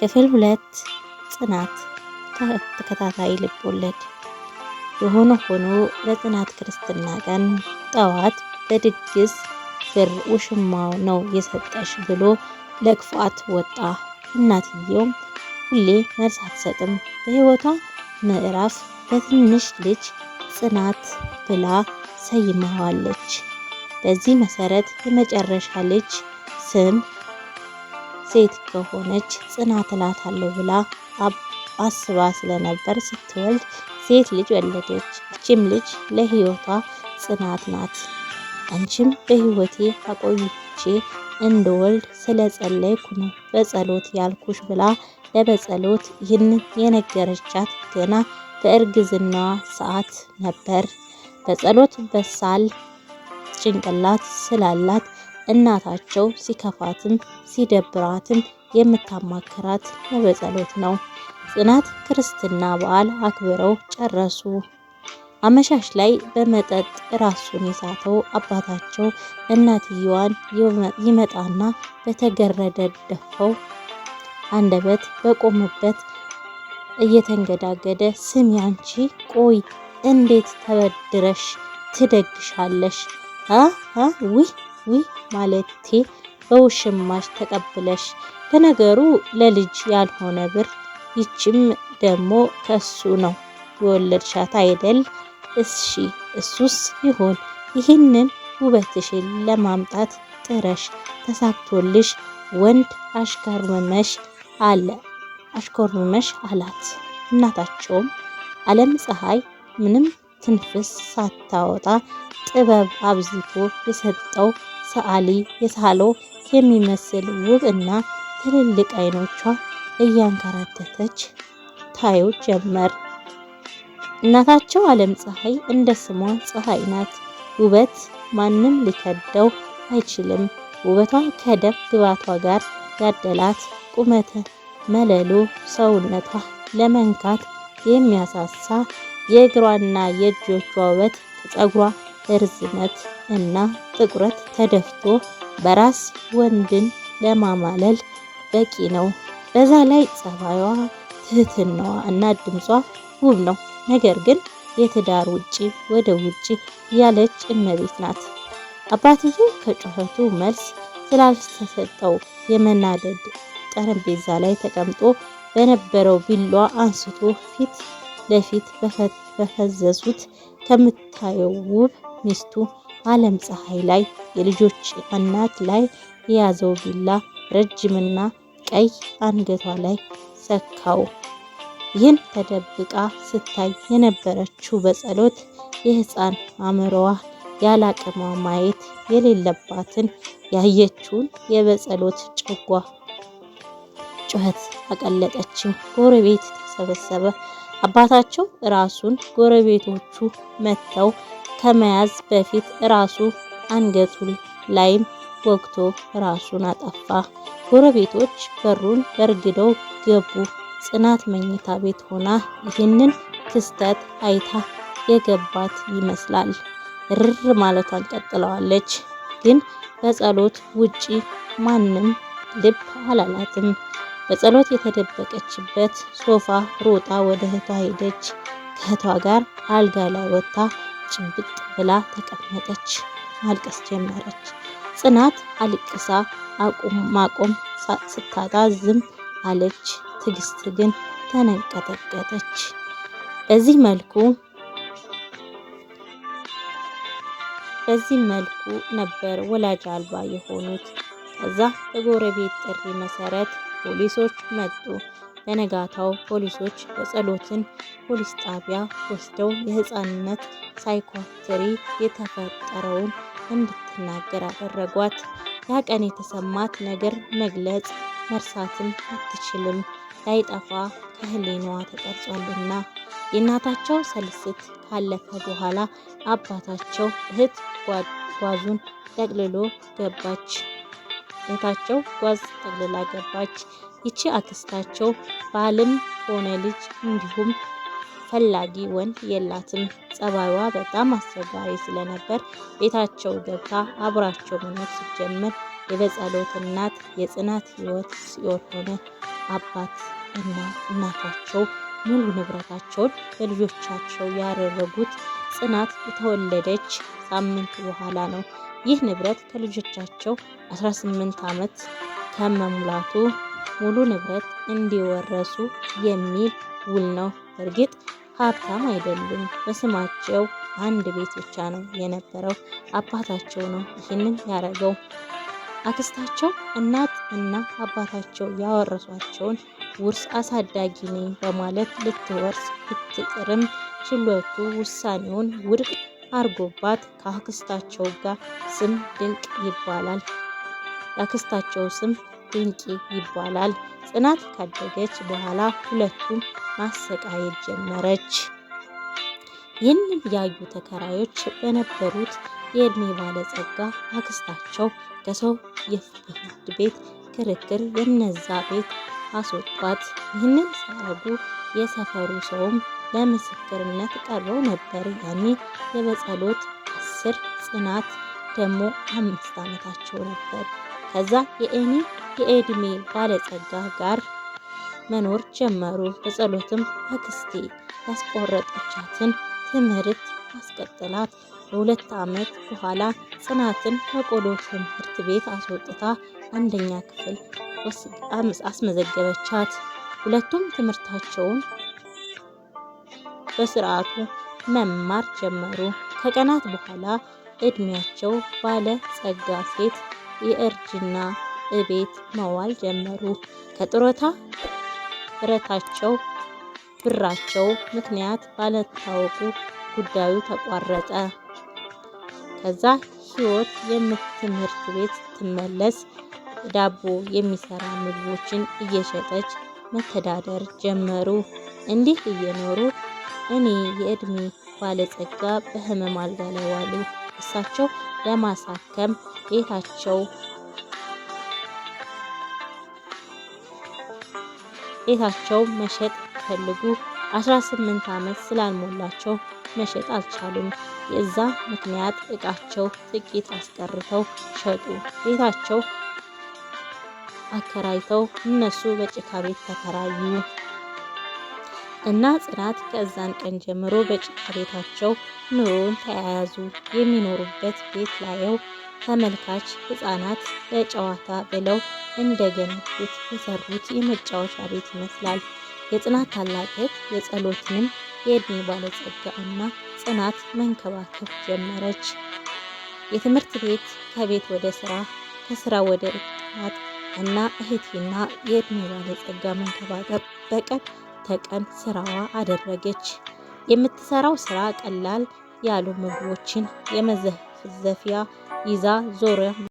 ክፍል ሁለት ጽናት ተከታታይ ልቦለድ። የሆነ ሆኖ ለጽናት ክርስትና ቀን ጠዋት በድግስ ብር ውሽማው ነው የሰጠሽ ብሎ ለክፋት ወጣ። እናትየውም ሁሌ መልስ አትሰጥም። በህይወቷ ምዕራፍ በትንሽ ልጅ ጽናት ብላ ሰይማዋለች። በዚህ መሰረት የመጨረሻ ልጅ ስም ሴት ከሆነች ጽናት እላታለሁ ብላ አስባ ስለነበር ስትወልድ ሴት ልጅ ወለደች። እችም ልጅ ለህይወቷ ጽናት ናት። አንቺም በህይወቴ አቆይቼ እንድወልድ ስለ ጸለይኩ ነው በጸሎት ያልኩሽ ብላ ለበጸሎት ይህን የነገረቻት ገና በእርግዝናዋ ሰዓት ነበር። በጸሎት በሳል ጭንቅላት ስላላት እናታቸው ሲከፋትም ሲደብራትም የምታማክራት በጸሎት ነው። ጽናት ክርስትና በዓል አክብረው ጨረሱ። አመሻሽ ላይ በመጠጥ ራሱን የሳተው አባታቸው እናትየዋን ይመጣና በተገረደ ደፈው አንደበት በቆመበት እየተንገዳገደ ስሚ አንቺ ቆይ እንዴት ተበድረሽ ትደግሻለሽ? አ አ ማለቴ በውሽማሽ ተቀብለሽ ለነገሩ ለልጅ ያልሆነ ብር ይችም ደግሞ ከሱ ነው የወለድሻት አይደል? እሺ እሱስ ይሁን። ይህንን ውበትሽን ለማምጣት ጥረሽ ተሳክቶልሽ ወንድ አሽከርምመሽ አለ አሽኮርምመሽ አላት። እናታቸውም ዓለም ፀሐይ ምንም ትንፍስ ሳታወጣ ጥበብ አብዝቶ የሰጠው ሰዓሊ የሳለው የሚመስል ውብ እና ትልልቅ አይኖቿ እያንከራተተች ታየው ጀመር። እናታቸው ዓለም ፀሐይ እንደ ስሟ ፀሐይ ናት። ውበት ማንም ሊከደው አይችልም። ውበቷ ከደም ግባቷ ጋር ያደላት ቁመተ መለሎ ሰውነቷ ለመንካት የሚያሳሳ የእግሯና የእጆቿ ውበት ከፀጉሯ ርዝመት እና ጥቁረት ተደፍቶ በራስ ወንድን ለማማለል በቂ ነው። በዛ ላይ ጸባይዋ፣ ትህትናዋ እና ድምጿ ውብ ነው። ነገር ግን የትዳር ውጪ ወደ ውጪ ያለች እመቤት ናት። አባትዬ ከጩኸቱ መልስ ስላልተሰጠው የመናደድ ጠረጴዛ ላይ ተቀምጦ በነበረው ቢሏ አንስቶ ፊት ለፊት በፈዘዙት ከምታየው ውብ ሚስቱ አለም ፀሐይ ላይ የልጆች እናት ላይ የያዘው ቢላ ረጅምና ቀይ አንገቷ ላይ ሰካው። ይህን ተደብቃ ስታይ የነበረችው በጸሎት የህፃን አእምሮዋ ያላቅሟ ማየት የሌለባትን ያየችውን የበጸሎት ጭጓ ጩኸት አቀለጠችም። ጎረቤት ተሰበሰበ። አባታቸው ራሱን ጎረቤቶቹ መጥተው ከመያዝ በፊት ራሱ አንገቱ ላይም ወግቶ ራሱን አጠፋ። ጎረቤቶች በሩን በርግደው ገቡ። ጽናት መኝታ ቤት ሆና ይህንን ክስተት አይታ የገባት ይመስላል። ርር ማለቷን ቀጥለዋለች። ግን በጸሎት ውጪ ማንም ልብ አላላትም። በጸሎት የተደበቀችበት ሶፋ ሮጣ ወደ እህቷ ሄደች። ከእህቷ ጋር አልጋ ላይ ወጥታ ጭንብጥ ብላ ተቀመጠች፣ ማልቀስ ጀመረች። ጽናት አልቅሳ ማቆም ስታጣ ዝም አለች። ትዕግስት ግን ተንቀጠቀጠች። በዚህ መልኩ በዚህ መልኩ ነበር ወላጅ አልባ የሆኑት። ከዛ በጎረቤት ጥሪ መሰረት ፖሊሶች መጡ። በነጋታው ፖሊሶች የጸሎትን ፖሊስ ጣቢያ ወስደው የህፃንነት ሳይኮትሪ የተፈጠረውን እንድትናገር አደረጓት። ያ ቀን የተሰማት ነገር መግለጽ መርሳትም አትችልም፣ ላይጠፋ ከህሊናዋ ተቀርጿልና። የእናታቸው ሰልስት ካለፈ በኋላ አባታቸው እህት ጓዙን ጠቅልሎ ገባች። እህታቸው ጓዝ ጠቅልላ ገባች። ይቺ አክስታቸው ባልም ሆነ ልጅ እንዲሁም ፈላጊ ወንድ የላትም። ጸባይዋ በጣም አስቸጋሪ ስለነበር ቤታቸው ገብታ አብራቸው መኖር ሲጀምር የበጸሎት እናት የጽናት ህይወት ሲኦል ሆነ። አባት እና እናታቸው ሙሉ ንብረታቸውን በልጆቻቸው ያደረጉት ጽናት የተወለደች ሳምንት በኋላ ነው። ይህ ንብረት ከልጆቻቸው 18 ዓመት ከመሙላቱ ሙሉ ንብረት እንዲወረሱ የሚል ውል ነው። እርግጥ ሀብታም አይደሉም። በስማቸው አንድ ቤት ብቻ ነው የነበረው። አባታቸው ነው ይህንን ያደረገው። አክስታቸው እናት እና አባታቸው ያወረሷቸውን ውርስ አሳዳጊ ነኝ በማለት ልትወርስ ብትጥርም ችሎቱ ውሳኔውን ውድቅ አርጎባት ከአክስታቸው ጋር ስም ድንቅ ይባላል። የአክስታቸው ስም ድንቂ ይባላል። ጽናት ካደገች በኋላ ሁለቱም ማሰቃየት ጀመረች። ይህንን ያዩ ተከራዮች በነበሩት የእድሜ ባለጸጋ አክስታቸው ከሰው የፍርድ ቤት ክርክር የነዛ ቤት አስወጧት። ይህንን ሲያደርጉ የሰፈሩ ሰውም ለምስክርነት ቀርበው ነበር። ያኔ የበጸሎት አስር ጽናት ደግሞ አምስት ዓመታቸው ነበር። ከዛ የእኔ የእድሜ ባለጸጋ ጋር መኖር ጀመሩ። በጸሎትም አክስቴ ያስቆረጠቻትን ትምህርት አስቀጥላት። ከሁለት ዓመት በኋላ ጽናትን ከቆሎ ትምህርት ቤት አስወጥታ አንደኛ ክፍል አስመዘገበቻት። ሁለቱም ትምህርታቸውን በስርዓቱ መማር ጀመሩ። ከቀናት በኋላ እድሜያቸው ባለ ጸጋ ሴት የእርጅና እቤት መዋል ጀመሩ። ከጡረታ ብረታቸው ብራቸው ምክንያት ባለታወቁ ጉዳዩ ተቋረጠ። ከዛ ህይወት የምትምህርት ቤት ስትመለስ ዳቦ የሚሰራ ምግቦችን እየሸጠች መተዳደር ጀመሩ። እንዲህ እየኖሩ እኔ የእድሜ ባለጸጋ በህመም አልጋ ላይ ዋሉ። እሳቸው ለማሳከም ቤታቸው ቤታቸው መሸጥ ፈልጉ 18 ዓመት ስላልሞላቸው መሸጥ አልቻሉም። የዛ ምክንያት እቃቸው ጥቂት አስቀርተው ሸጡ። ቤታቸው አከራይተው እነሱ በጭካ ቤት ተከራዩ። እና ጽናት ከዛን ቀን ጀምሮ በጭቃ ቤታቸው ኑሮውን ተያያዙ። የሚኖሩበት ቤት ላየው ተመልካች ህፃናት ለጨዋታ ብለው እንደገነቡት የሰሩት የመጫወቻ ቤት ይመስላል። የጽናት ታላቅ የጸሎትንም የእድሜ ባለጸጋ እና ጽናት መንከባከብ ጀመረች። የትምህርት ቤት፣ ከቤት ወደ ስራ፣ ከስራ ወደ ጥናት እና እህቴና የእድሜ ባለጸጋ መንከባከብ በቀን ተቀን ስራዋ አደረገች። የምትሰራው ስራ ቀላል ያሉ ምግቦችን የመዘፍዘፊያ ይዛ ዞረ